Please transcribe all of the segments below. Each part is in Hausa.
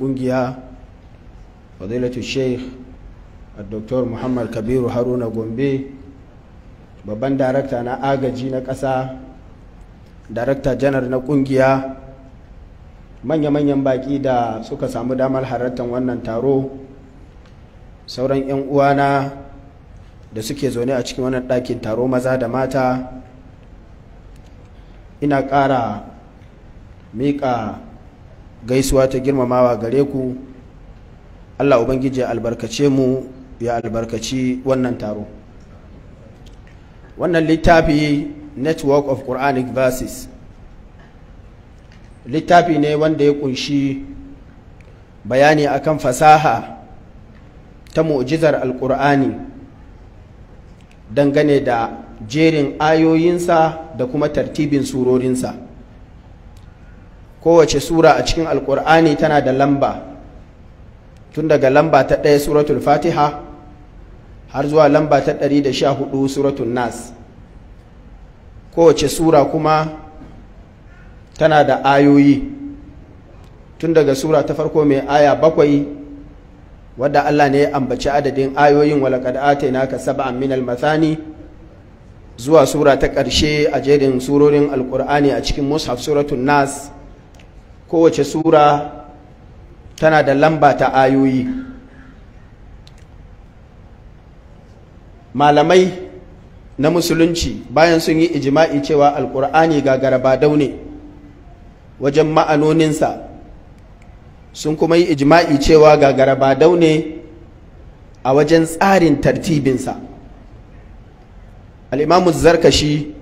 kungiya fadilatu sheikh dr muhammad kabiru haruna gombe babban darakta na agaji na kasa darakta janar na kungiya manya-manyan baki da suka samu damar halartar wannan taro sauran 'yan uwana da suke zaune a cikin wannan ɗakin taro maza da mata ina ƙara miƙa gaisuwa ta girmamawa gare ku Allah ubangiji ya albarkace mu ya albarkaci wannan taro wannan littafi network of quranic verses littafi ne wanda ya kunshi bayani akan fasaha ta mu'jizar alkur'ani dangane da jerin ayoyinsa da kuma tartibin surorinsa kowace sura a cikin alkur'ani tana da lamba tun daga lamba ta ɗaya suratul fatiha har zuwa lamba ta ɗari da sha hudu suratul nas kowace sura kuma tana da ayoyi tun daga sura ta farko mai aya bakwai wadda allah ne ya ambaci adadin ayoyin walakad naka ka saba'an minal mathani zuwa sura ta ƙarshe a jerin surorin alkur'ani a cikin mushaf suratun nas kowace sura tana da lamba ta ayoyi malamai na musulunci bayan sun yi ijima'i cewa alkur'ani gagara ba daune wajen ma'anoninsa sun kuma yi ijima'i cewa ga ba daune a wajen tsarin tartibinsa al'imamu zarkashi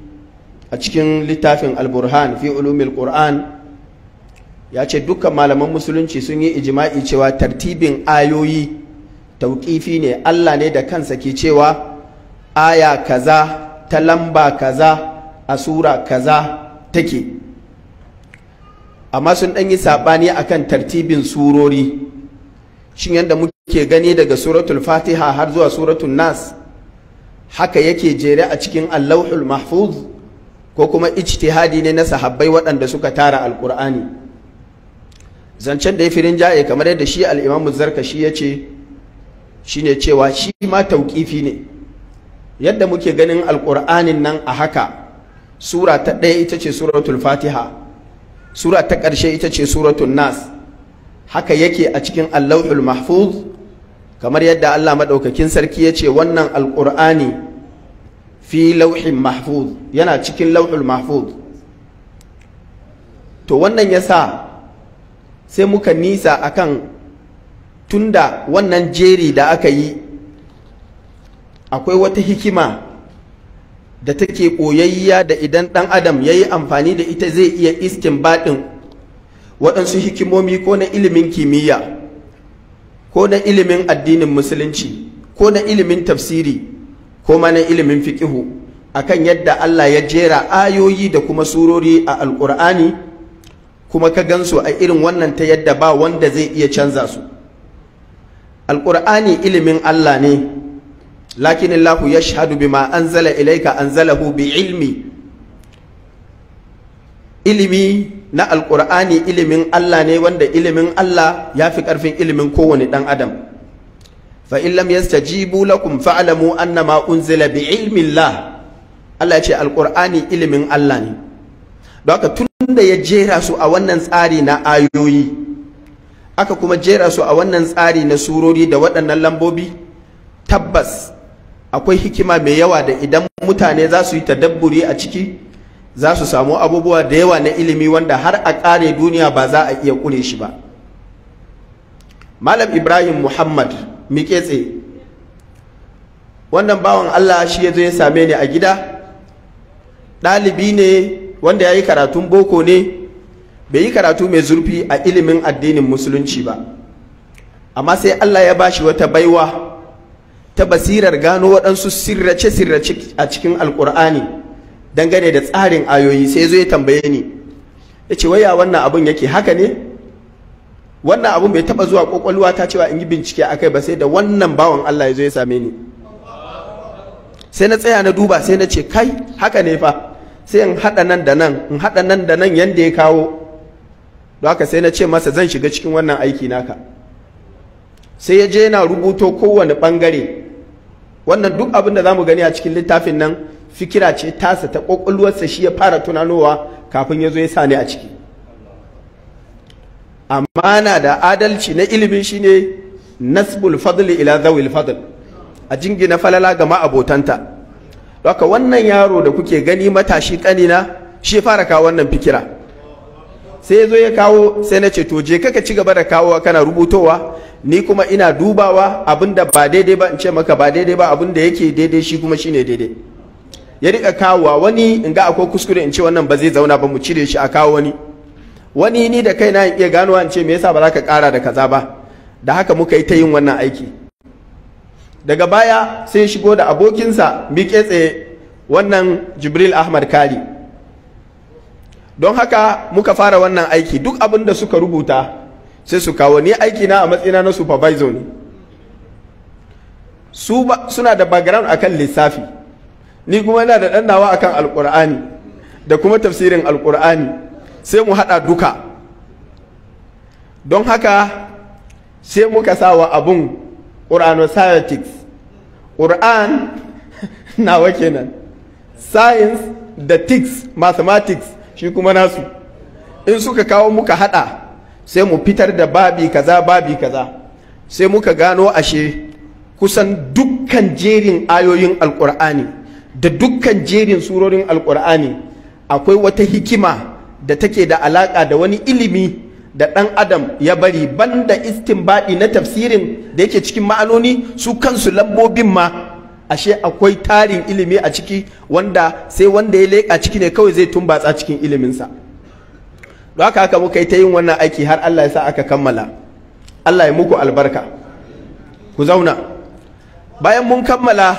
a cikin littafin alburhan fi ulumil qur'an ya ce dukkan malaman musulunci sun yi ijima'i cewa tartibin ayoyi tauƙifi ne Allah ne da kansa ke cewa aya kaza ta lamba kaza a sura kaza take amma sun ɗan yi saɓani akan tartibin surori shin yadda muke gani daga suratul fatiha har zuwa suratul nas haka yake jere a cikin allahul mahfuz ko kuma ijtihadi ne na sahabbai waɗanda suka tara Alkur'ani? zancen da ya firin jaye kamar yadda shi al'imamu zarkashi ya ce shi ne cewa shi ma tauƙifi ne yadda muke ganin alƙur'anin nan a haka sura ta ɗaya ita ce suratul fatiha sura ta ƙarshe ita ce suratul nas haka yake a cikin allahul mahfuz kamar yadda allah maɗaukakin sarki ya ce wannan alƙur'ani fi lauhin mahfuz yana cikin lauhul mahfuz to wannan ya sa sai muka nisa akan tunda wannan jeri da aka yi akwai wata hikima da take koyayya da idan ɗan adam ya yi amfani da ita zai iya iskin baɗin waɗansu hikimomi ko na ilimin kimiyya ko na ilimin addinin musulunci ko na ilimin tafsiri ko ma na ilimin fiƙihu akan yadda Allah ya jera ayoyi da kuma surori a alƙur'ani kuma ka gansu a irin wannan ta yadda ba wanda zai iya canza su alƙur'ani ilimin Allah ne lakin Allah ya shahadu bima anzala ilaika anzalahu bi ilmi ilimi na alƙur'ani ilimin Allah ne wanda ilimin Allah ya fi ƙarfin ilimin kowane ɗan adam fa in yastajibu lakum fa'lamu annama unzila bi ilmi Allah Allah ya ce alƙur'ani ilimin Allah ne don haka tunda ya jera su a wannan tsari na ayoyi aka kuma jera su a wannan tsari na surori da waɗannan lambobi tabbas akwai hikima mai yawa da idan mutane za su yi tadabburi a ciki za su samu abubuwa da yawa na ilimi wanda har a ƙare duniya ba za a iya ƙure shi ba malam ibrahim muhammad miketse wannan bawan allah shi ya zo ya same ni a gida ɗalibi ne wanda ya yi karatun boko ne bai yi karatu mai zurfi a ilimin addinin musulunci ba amma sai Allah ya bashi wata baiwa ta basirar gano waɗansu sirrace-sirrace a cikin alkur'ani dangane da tsarin ayoyi sai zo ya tambaye ni ya ce waya wannan abun yake haka ne wannan abun bai taba zuwa kwakwalwa ta cewa in yi bincike a kai ba sai da wannan bawan Allah ya zo ya same ni sai na tsaya na duba sai na ce kai haka ne fa sai in haɗa nan da nan in haɗa nan da nan yanda ya kawo don haka sai na ce masa zan shiga cikin wannan aiki naka sai ya je yana rubuto kowane ɓangare wannan duk abin da za mu gani a cikin littafin nan fikira ce tasa ta ƙwaƙwalwarsa shi ya fara tunanowa kafin ya zo ya sa ni a ciki amana da adalci na ilimi shine nasbul fadli ila zawil fadl a jingina falala ga abotanta. Baka wannan yaro da kuke gani matashi na shi fara kawo wannan fikira sai zo ya kawo sai na ce to je kaka ci gaba da kawo kana rubutowa ni kuma ina dubawa abin da ba daidai ba in ce maka ba daidai ba abin da yake daidai shi kuma shine daidai ya rika kawowa wani in ga akwai kuskure in ce wannan ba zai zauna ba mu cire shi a kawo wani wani ni da kaina in iya ganowa in ce me yasa ba za ka kara da kaza ba da haka muka yi ta yin wannan aiki daga baya sai shigo da abokinsa miƙe tsaye wannan jibril ahmad kali. don haka muka fara wannan aiki duk abin da suka rubuta sai su kawo ni aiki na a matsina na supervisor ne su suna da background akan lissafi ni kuma yana da dannawa akan alkur'ani da kuma tafsirin alkur'ani sai mu haɗa duka don haka sai muka sawa abun ƙur'anosiotics ƙur'an nawa kenan science da tics mathematics shi kuma nasu in suka kawo muka hada sai mu fitar da babi kaza babi kaza sai muka gano ashe kusan dukkan jerin ayoyin alkur'ani da dukkan jerin surorin alkur'ani akwai wata hikima da take da alaƙa da wani ilimi da ɗan adam ya bari banda baɗi na tafsirin da yake cikin ma'anoni su kansu lambobin ma ashe akwai tarin ilimi a ciki wanda sai wanda ya leƙa ciki ne kawai zai tumbatsa cikin iliminsa don haka haka muka yi ta yin wannan aiki har Allah ya sa aka kammala Allah ya muku albarka ku zauna bayan mun kammala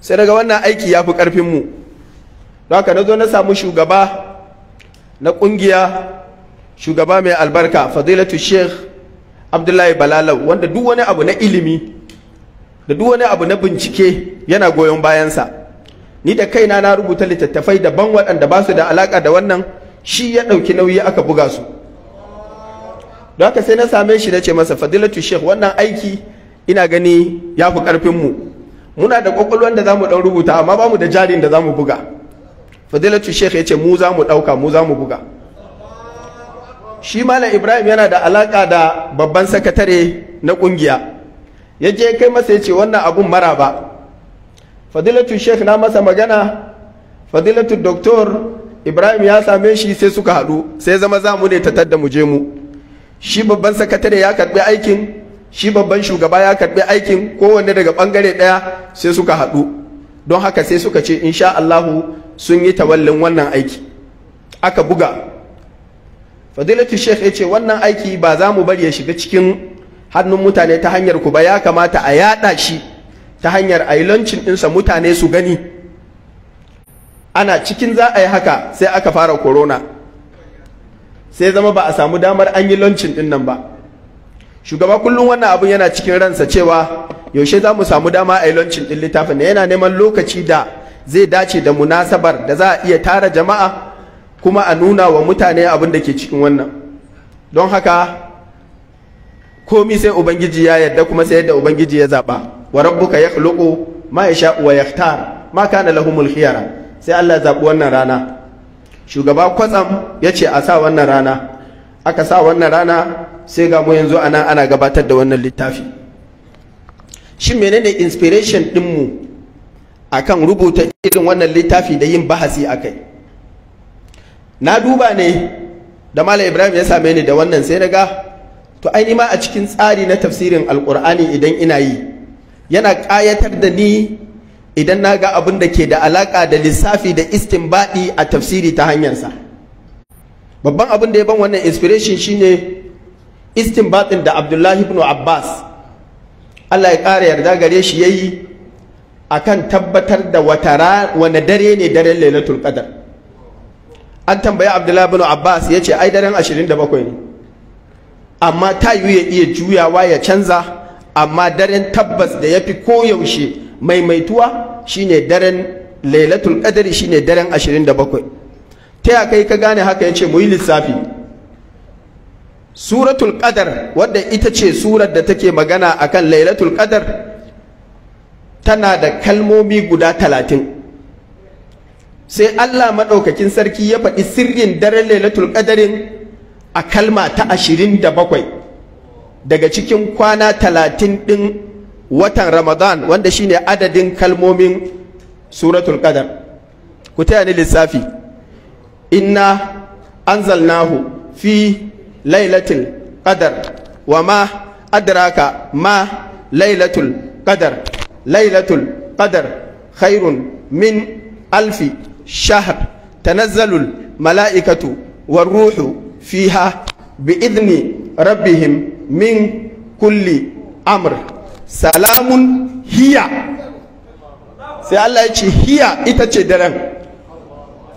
sai daga wannan aiki ya fi ƙarfinmu don haka na zo na samu shugaba na ƙungiya shugaba mai albarka fadilatu sheikh abdullahi balalau wanda duk wani abu na ilimi da duk wani abu na bincike yana goyon bayansa ni da kaina na rubuta littattafai daban waɗanda ba su da alaƙa da wannan shi ya ɗauki nauyi aka buga su don haka sai na same shi na ce masa fadilatu sheikh wannan aiki ina gani ya fi ƙarfinmu muna da ƙwaƙwalwan da za mu ɗan rubuta amma ba mu da jarin da za mu buga fadilatu sheikh ya ce mu za mu ɗauka mu za mu buga shi malam ibrahim yana da alaka da babban sakatare na ƙungiya. ya je kai masa ya ce wannan abun mara ba fadilatu sheikh na masa magana fadilatu doktor ibrahim ya same shi sai suka haɗu sai zama za mu ne ta tadda mu je mu shi babban sakatare ya karɓi aikin shi babban shugaba ya karɓi aikin kowanne daga ɓangare ɗaya sai suka haɗu don haka sai suka ce insha Allahu sun yi tawallin wannan aiki aka buga fadilatu sheikh ya ce wannan aiki ba za mu bari ya shiga cikin hannun mutane ta hanyar ku ba ya kamata a yada shi ta hanyar a yi lancin ɗinsa mutane su gani ana cikin za a yi haka sai aka fara korona. sai zama ba a samu damar an yi lancin ɗin nan ba shugaba kullum wannan abun yana cikin ransa cewa yaushe za mu samu dama a yi lancin ɗin littafin yana neman lokaci da zai dace da munasabar da za a iya tara jama'a kuma a nuna wa mutane abin da ke cikin wannan don haka komi sai ubangiji ya yadda kuma sai yadda ubangiji ya zaba wa rabbuka yakhluqu ma yasha'u wa yakhtar ma kana lahumul khiyara sai Allah zaɓi wannan rana shugaba kwatsam ya ce a sa wannan rana aka sa wannan rana sai ga mu yanzu ana ana gabatar da wannan littafi shin menene inspiration dinmu akan rubuta irin wannan littafi da yin bahasi akai na duba ne da malam ibrahim ya same ni da wannan sai daga to ai ma a cikin tsari na tafsirin alkur'ani idan ina yi yana ƙayatar da ni idan na ga abin da ke da alaƙa da lissafi da baɗi a tafsiri ta hanyarsa babban abin da ya ban wannan inspiration shine baɗin da abdullahi ibn abbas allah ya ƙara yarda gare shi ya yayi akan tabbatar da wata wane dare ne daren lailatul ƙadar an tambayi abdullahi bin abbas ya ce ai daren 27 ne amma ta yiwu ya iya juyawa ya canza amma daren tabbas da ya fi koyaushe maimaituwa shine daren lailatul qadari shine daren 27 ta ya kai ka gane haka ya ce mu yi lissafi suratul qadar wadda ita ce surar da take magana akan lailatul qadar tana da kalmomi guda talatin sai Allah maɗaukakin sarki ya faɗi sirrin daren lailatul ƙadarin a kalma ta ashirin da bakwai daga cikin kwana talatin ɗin watan ramadan wanda shine adadin kalmomin suratul ƙadar ku taya ni lissafi inna anzalnahu fi lailatul ƙadar wa ma adraka ma lailatul ƙadar lailatul ƙadar khairun min alfi شهر تنزل الملائكة والروح Bi idini ربهم من kulli Amur. Salamun hiya. sai Allah ya ce hiya ita ce daren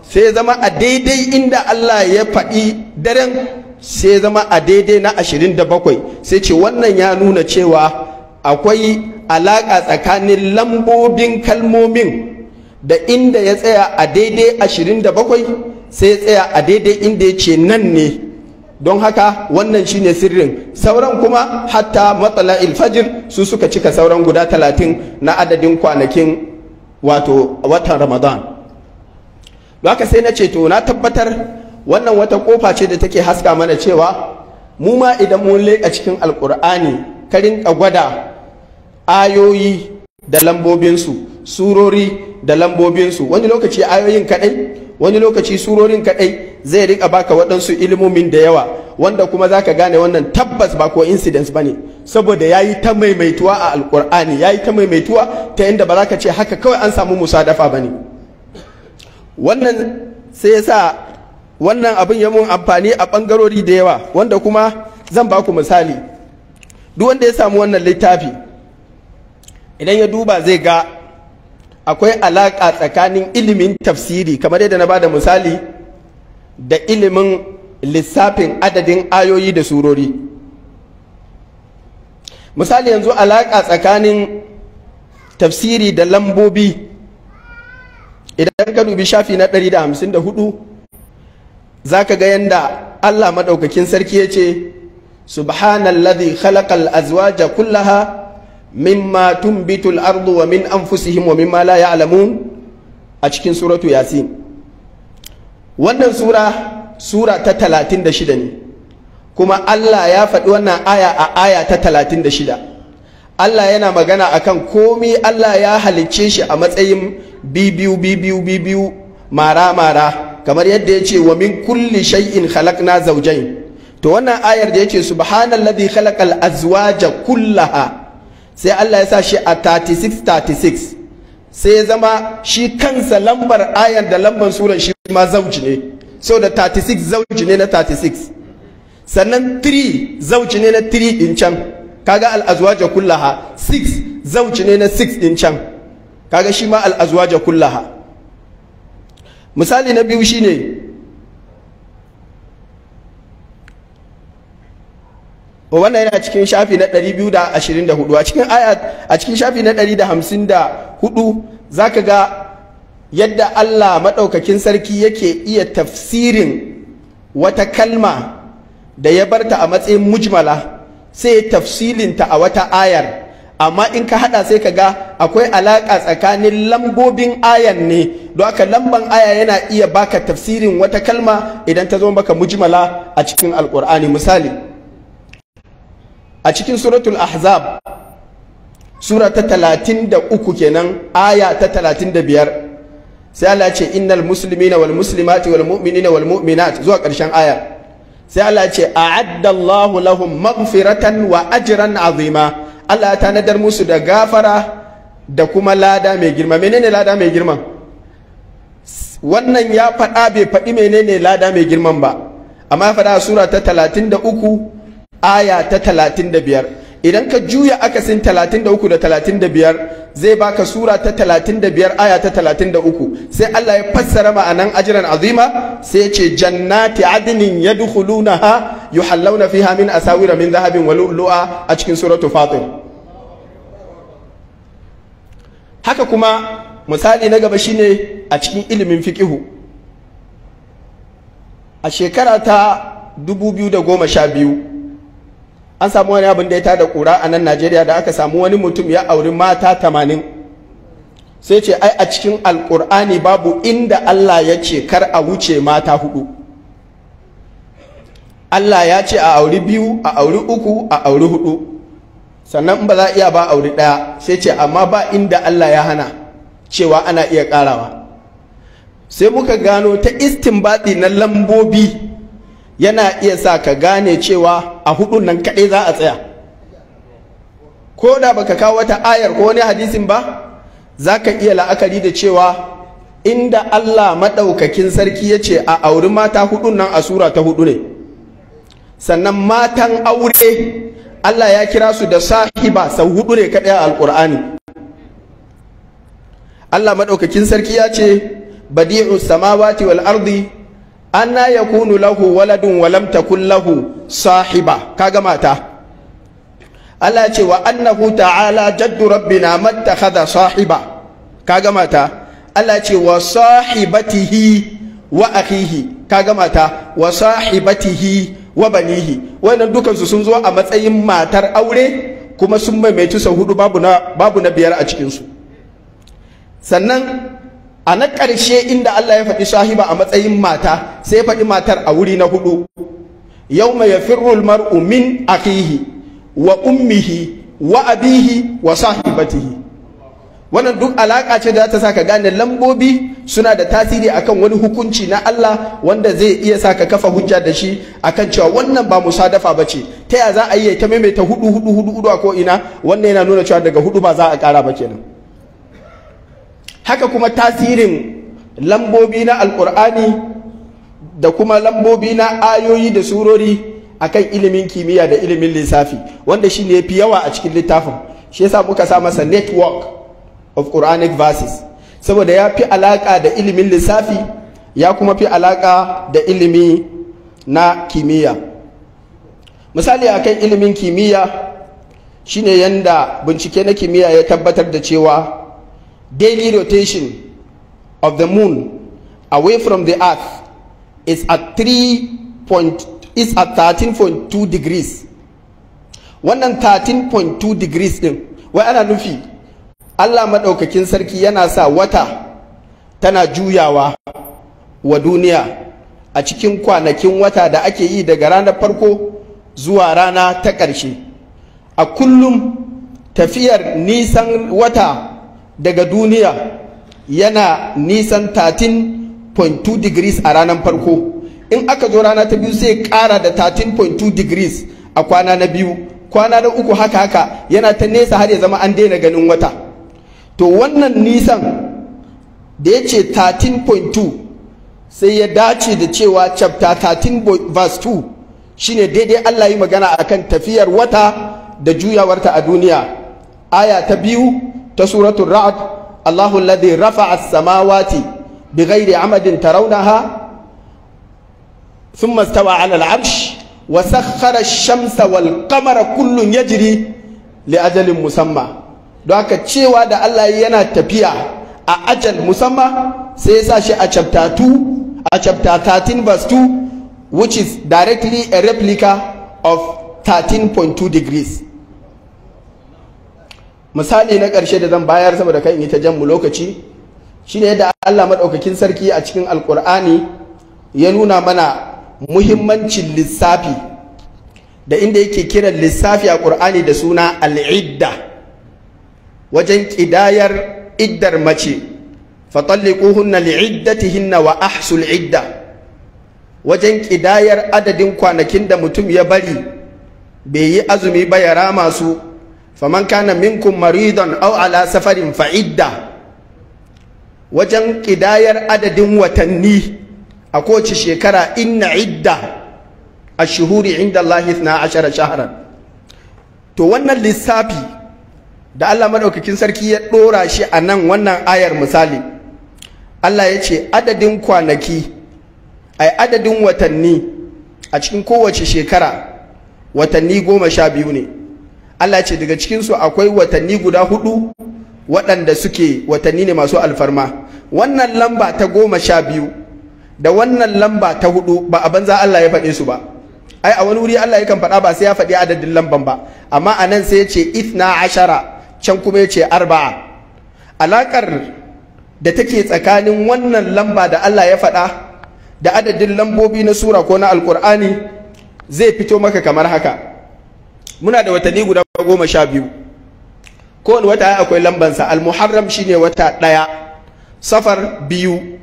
sai zama a daidai inda Allah ya faɗi daren sai zama a daidai na 27 sai ce wannan ya nuna cewa akwai alaƙa tsakanin lambobin kalmomin da inda ya tsaya a daidai ashirin da bakwai sai ya tsaya a daidai inda ya ce nan ne don haka wannan shine sirrin sauran kuma hatta matsala ilfajir su suka cika sauran guda talatin na adadin kwanakin wato watan ramadan haka sai na ce to na tabbatar wannan wata kofa ce da take haska mana cewa mu ma idan mun leƙa cikin alkur'ani karin gwada ayoyi da lambobinsu surori da lambobinsu wani lokaci ayoyin kadai wani lokaci surorin kadai zai rika baka waɗansu ilimomin da yawa wanda kuma za ka gane wannan tabbas ba ko incidence ba ne saboda ya yi ta maimaituwa a alkur'ani ya yi ta maimaituwa ta inda ba za ka ce haka kawai an samu musa dafa ba ne wannan sai ya sa wannan abin ya mun amfani a ɓangarori da yawa wanda kuma zan baku misali duk wanda ya samu wannan littafi idan ya duba zai ga akwai alaƙa tsakanin ilimin tafsiri kamar yadda na ba da misali da ilimin lissafin adadin ayoyi da surori misali yanzu alaƙa tsakanin tafsiri da lambobi idan ka dubi shafi na 154 za ka ga yadda allah maɗaukakin sarki ya ce subhanalladhi khalaqal azwaja kullaha mimma tunbitu al-ardu wa min anfusihim wa mimma la ya'lamun a cikin suratu yasin wannan sura sura ta 36 ne kuma Allah ya faɗi wannan aya a aya ta shida. Allah yana magana akan komi Allah ya halicce shi a matsayin bibiyu bibiyu bibiyu mara mara kamar yadda ya ce wa min kulli shay'in khalaqna zaujai. to wannan ayar da yace subhanallazi khalaqal azwaja kullaha sai Allah ya sa shi a 36 36 sai ya zama shi kansa lambar ayan da lambar surar shi ma zauji ne so da 36 zauji ne na 36 sannan 3 zauji ne na 3 in can kaga al'azwaja kullaha 6 zauji ne na 6 in can kaga shi ma al'azwaja kullaha misali na biyu shine wannan yana cikin shafi na 224 a cikin aya a cikin shafi na 154 zaka ga yadda Allah maɗaukakin sarki yake iya tafsirin wata kalma da ya barta a matsayin mujmala sai ya ta a wata ayar amma in ka hada sai ka ga akwai alaƙa tsakanin lambobin ayan ne don haka lamban aya yana iya baka tafsirin wata kalma idan ta zo maka mujmala a cikin alkur'ani misali a cikin suratul ahzab sura ta talatin da uku kenan aya ta talatin da biyar sai Allah ce innal muslimina wal muslimati wal mu'minina wal mu'minat zuwa ƙarshen aya sai Allah ce a'adda lahum maghfiratan wa ajran azima Allah ya tanadar musu da gafara da kuma lada mai girma menene lada mai girma wannan ya faɗa bai faɗi menene lada mai girman ba amma ya faɗa sura ta talatin da uku aya ta talatin da biyar idan ka juya akasin talatin da uku da da talatin biyar zai baka sura ta talatin da biyar aya ta talatin da uku sai Allah ya fassara ma'anan ajiran azima sai ya ce jannati adnin yadkhulunaha yuhallawna fiha min asawira min dhahabin wa lu'lu'a a cikin suratu fatir haka kuma misali na gaba shine a cikin ilimin fikihu a shekara ta biyu. an samu wani abin da ya tada kura a nan najeriya da aka samu wani mutum ya auri mata tamanin sai ce ai a cikin alkur'ani babu inda allah ya ce kar a wuce mata hudu allah ya ce a auri biyu a auri uku a auri hudu sannan ba za a iya ba auri daya sai ce amma ba inda allah ya hana cewa ana iya karawa sai muka gano ta istinbadi na lambobi yana iya sa ka gane cewa a hudun nan kaɗai za a tsaya ko da baka kawo wata ayar ko wani hadisin ba za ka iya la'akari da cewa inda Allah maɗaukakin sarki ya ce a auri mata hudun nan a sura ta hudu ne sannan matan aure Allah ya kira su da sahiba sau hudu ne kaɗai a alƙur'ani Allah maɗaukakin sarki ya ce badi'u samawati wal ardi anna kunu lahu waladun walamta kun lahu sahiba kaga mata Allah ce wa annahu ta'ala jaddu rabbina mattakhadha sahiba kaga mata Allah ce wa sahibatihi wa akhihi kaga mata wa sahibatihi wa banihi wannan dukansu sun zo a matsayin matar aure kuma sun maimaitu sau hudu babu na biyar a cikinsu sannan a na ƙarshe inda Allah ya faɗi sahiba a matsayin mata sai faɗi matar a wuri na hudu yau mai yafirrul mar'u min akihi wa ummihi wa abihi wa sahibatihi wannan duk alaka ce da ta ka gane lambobi suna da tasiri akan wani hukunci na Allah wanda zai iya sa ka kafa hujja da shi akan cewa wannan ba musadafa ba ce ta ya za a yi ta maimaita hudu hudu hudu a ko'ina? ina wannan yana nuna cewa daga hudu ba za a kara ba kenan haka kuma tasirin lambobi na alkur'ani da kuma lambobi na ayoyi da surori akan ilimin kimiyya da ilimin lissafi wanda shi ne fi yawa a cikin littafin shi yasa muka sa masa network of quranic verses saboda ya fi alaka da ilimin lissafi ya kuma fi alaka da ilimi na kimiyya misali akan ilimin kimiyya shine yanda bincike na kimiyya ya tabbatar da cewa daily rotation of the moon away from the earth is at 3 point, is at 13.2 degrees wannan 13.2 degrees din wai ana nufi Allah maɗaukakin sarki yana sa wata tana juyawa wa duniya a cikin kwanakin wata da ake yi daga ranar farko zuwa rana ta ƙarshe a kullum tafiyar nisan wata daga duniya yana nisan 13.2 degrees a ranar farko in aka zo rana ta biyu sai kara da 13.2 degrees a kwana na biyu kwana na uku haka haka yana ta nesa har ya zama an daina ganin wata to wannan nisan da ya ce 13.2 sai ya dace da cewa chapter 13 verse 2 shine daidai Allah yi magana akan tafiyar wata da juyawarta a duniya aya ta biyu ta suratul ra'd Allahu alladhi rafa'a as-samawati bighairi amadin tarawnaha thumma istawa 'ala al-'arsh wa sakhkhara ash-shamsa wal qamara kullun yajri li ajalin musamma don haka cewa da Allah yana tafiya a ajal musamma sai ya sa shi a chapter 2 a chapter 13 verse 2 which is directly a replica of 13.2 degrees misali na ƙarshe da zan bayar saboda in yi ta jammu lokaci shine yadda Allah maɗaukakin sarki a cikin alƙur'ani ya nuna mana muhimmancin lissafi da inda yake kiran lissafi a ƙur'ani da suna al'idda wajen ƙidayar iddar mace fatalliquhunna li'iddatihinna wa ahsul idda wajen ƙidayar adadin kwanakin da mutum ya bari bai yi azumi ba ya rama su faman kana minkum maridon au ala safarin fa'idda wajen ƙidayar adadin watanni a kowace shekara inna idda a shuhuri inda Allah na ashara shaharar to wannan lissafi da Allah maɗaukakin sarki ya ɗora shi a nan wannan ayar misali Allah ya ce adadin kwanaki a adadin watanni a cikin kowace shekara watanni goma sha biyu ne Allah ce daga cikinsu akwai watanni guda hudu waɗanda suke watanni ne masu alfarma wannan lamba ta goma sha biyu da wannan lamba ta hudu ba a banza Allah ya faɗe su ba ai a wani wuri Allah yakan faɗa ba sai ya faɗi adadin lamban ba amma a nan sai ya ce ithna ashara can kuma ya ce arba'a Alakar da take tsakanin wannan lamba da Allah ya faɗa da adadin lambobi na sura ko na alkur'ani zai fito maka kamar haka muna da watanni guda goma sha biyu kowane wata akwai lambansa al-muharram shine wata ɗaya safar biyu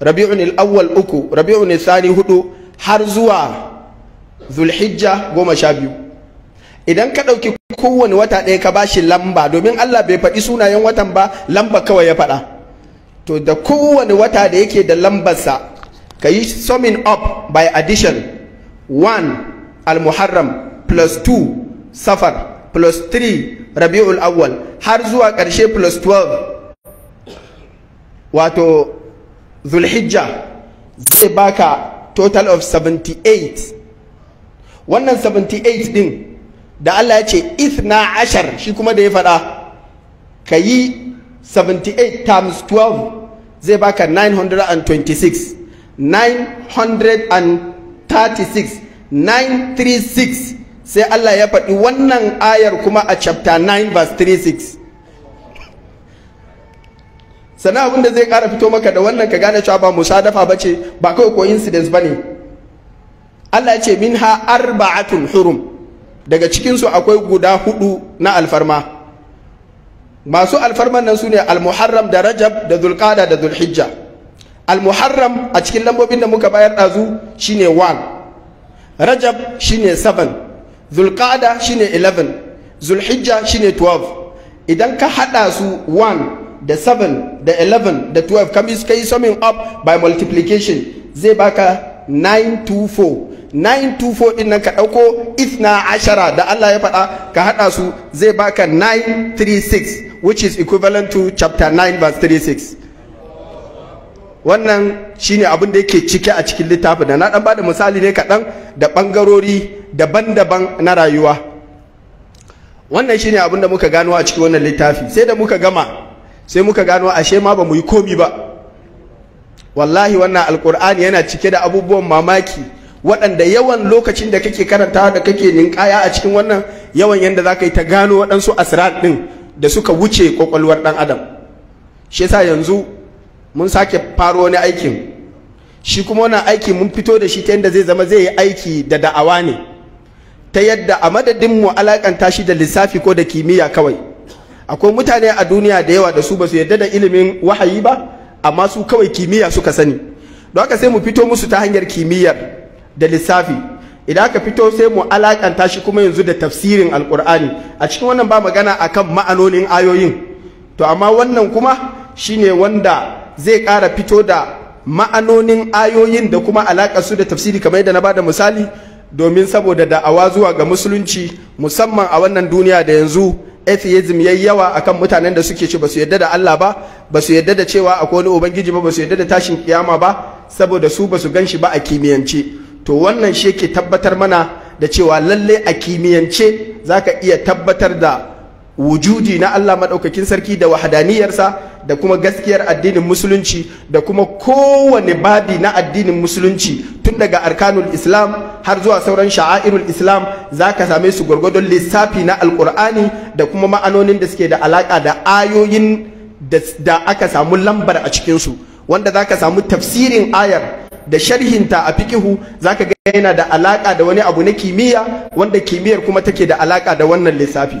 rabi'un al-awwal uku rabi'un al-thani hudu har zuwa zulhijja goma sha biyu idan ka ɗauki kowane wata ɗaya ka bashi lamba domin Allah bai faɗi sunayen watan ba lamba kawai ya faɗa to da kowane wata da yake da lambarsa ka yi summing up by addition one al-muharram plus two safar plus 3 rabi'ul awwal har zuwa ƙarshe plus 12 wato zulhijja zai baka total of 78 wannan 78 din da Allah ya ce ithna ashar shi kuma da ya faɗa ka yi 78 times 12 zai baka 926 936 936 sai Allah ya faɗi wannan ayar kuma a chapter 9 verse 36 sana abin da zai ƙara fito maka da wannan ka gane cewa ba dafa ba ce ba kawai incidence ba ne Allah ya ce minha arba'atun hurum daga cikinsu akwai guda hudu na alfarma masu alfarman nan su ne almuharram da rajab da zulkada da zulhijja almuharram a cikin lambobin da muka bayar ɗazu shine 1 rajab shine 7 zulqa'ada shine 11 zulhijja shine 12 idan ka hada su 1 da 7 da 11 da 12 ka is kai summing up by multiplication zai baka 924 924 din nan ka dauko ithna ashara da Allah ya faɗa ka hada su zai baka 936 which is equivalent to chapter 9 verse 36 wannan shine abin da yake cike a cikin littafi da na dan bada misali ne kaɗan da ɓangarori daban-daban na rayuwa wannan shine abin da muka gano a cikin wannan littafi sai da muka gama sai muka gano ashe ma ba mu yi komi ba wallahi wannan alkur'ani yana cike da abubuwan mamaki waɗanda yawan lokacin da kake karanta da kake ninkaya a cikin wannan yawan yanda za ka yi ta gano waɗansu asirar ɗin da suka wuce ƙwaƙwalwar ɗan adam shi yanzu mun sake faro wani aikin shi kuma wannan aiki mun fito da shi ta yadda zai zama zai yi aiki da da'awa ne ta yadda a madadin mu alakanta shi da lissafi ko da kimiyya kawai akwai mutane a duniya da yawa da su ba su yarda da ilimin wahayi ba amma su kawai kimiyya suka sani don haka sai mu fito musu ta hanyar kimiyyar da lissafi idan aka fito sai mu alakanta shi kuma yanzu da tafsirin alkur'ani a cikin wannan ba magana akan ma'anonin ayoyin to amma wannan kuma shine wanda zai ƙara fito da ma'anonin ayoyin da kuma alaƙar su da tafsiri kamar yadda na bada misali domin saboda da'awa zuwa ga musulunci musamman a wannan duniya da yanzu atheism yi yawa akan mutanen da suke ce su yadda da Allah ba ba su yadda da cewa akwai wani ubangiji ba su yadda da tashin kiyama ba saboda su basu ganshi ba a kimiyance to wannan shi yake tabbatar mana da cewa lalle a kimiyance zaka iya tabbatar da wujudi na Allah madaukakin sarki da wahadaniyarsa da kuma gaskiyar addinin musulunci da kuma kowane babi na addinin musulunci tun daga arkanul islam har zuwa sauran sha'airul islam za ka same su gwargwadon lissafi na alkur'ani da kuma ma'anonin da suke da alaƙa da ayoyin da aka samu lambar a cikinsu wanda za ka samu tafsirin ayar da sharhinta a fikihu za ka ga yana da alaƙa da wani abu na kimiyya wanda kimiyyar kuma take da alaƙa da wannan lissafi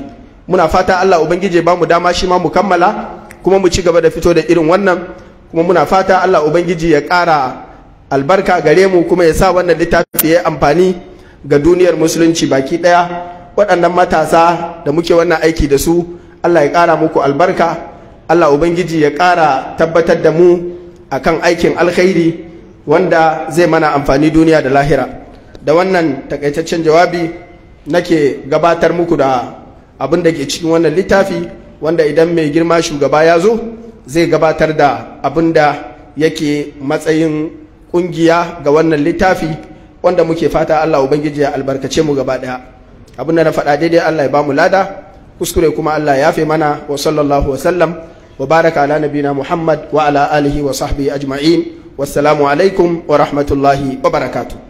muna fata allah ubangiji ba mu dama shi ma mu kammala kuma mu ci gaba da fito da irin wannan kuma muna fata Allah ubangiji ya ƙara albarka gare mu kuma ya sa wannan littafi ya amfani ga duniyar musulunci baki ɗaya waɗannan matasa da muke wannan aiki da su Allah ya ƙara muku albarka Allah ubangiji ya ƙara tabbatar da mu a kan aikin alkhairi wanda zai mana amfani duniya da lahira da wannan takaitaccen jawabi nake gabatar muku da abin da ke cikin wannan littafi wanda idan mai girma shugaba ya zo zai gabatar da abin da yake matsayin kungiya ga wannan littafi wanda muke fata Allah ubangiji ya albarkace mu gaba daya abin da na faɗa daidai Allah ya bamu lada kuskure kuma Allah ya fi mana wa sallallahu wa sallam wa baraka ala nabina Muhammad wa ala alihi wa sahbihi ajma'in wassalamu alaikum wa rahmatullahi wa barakatuh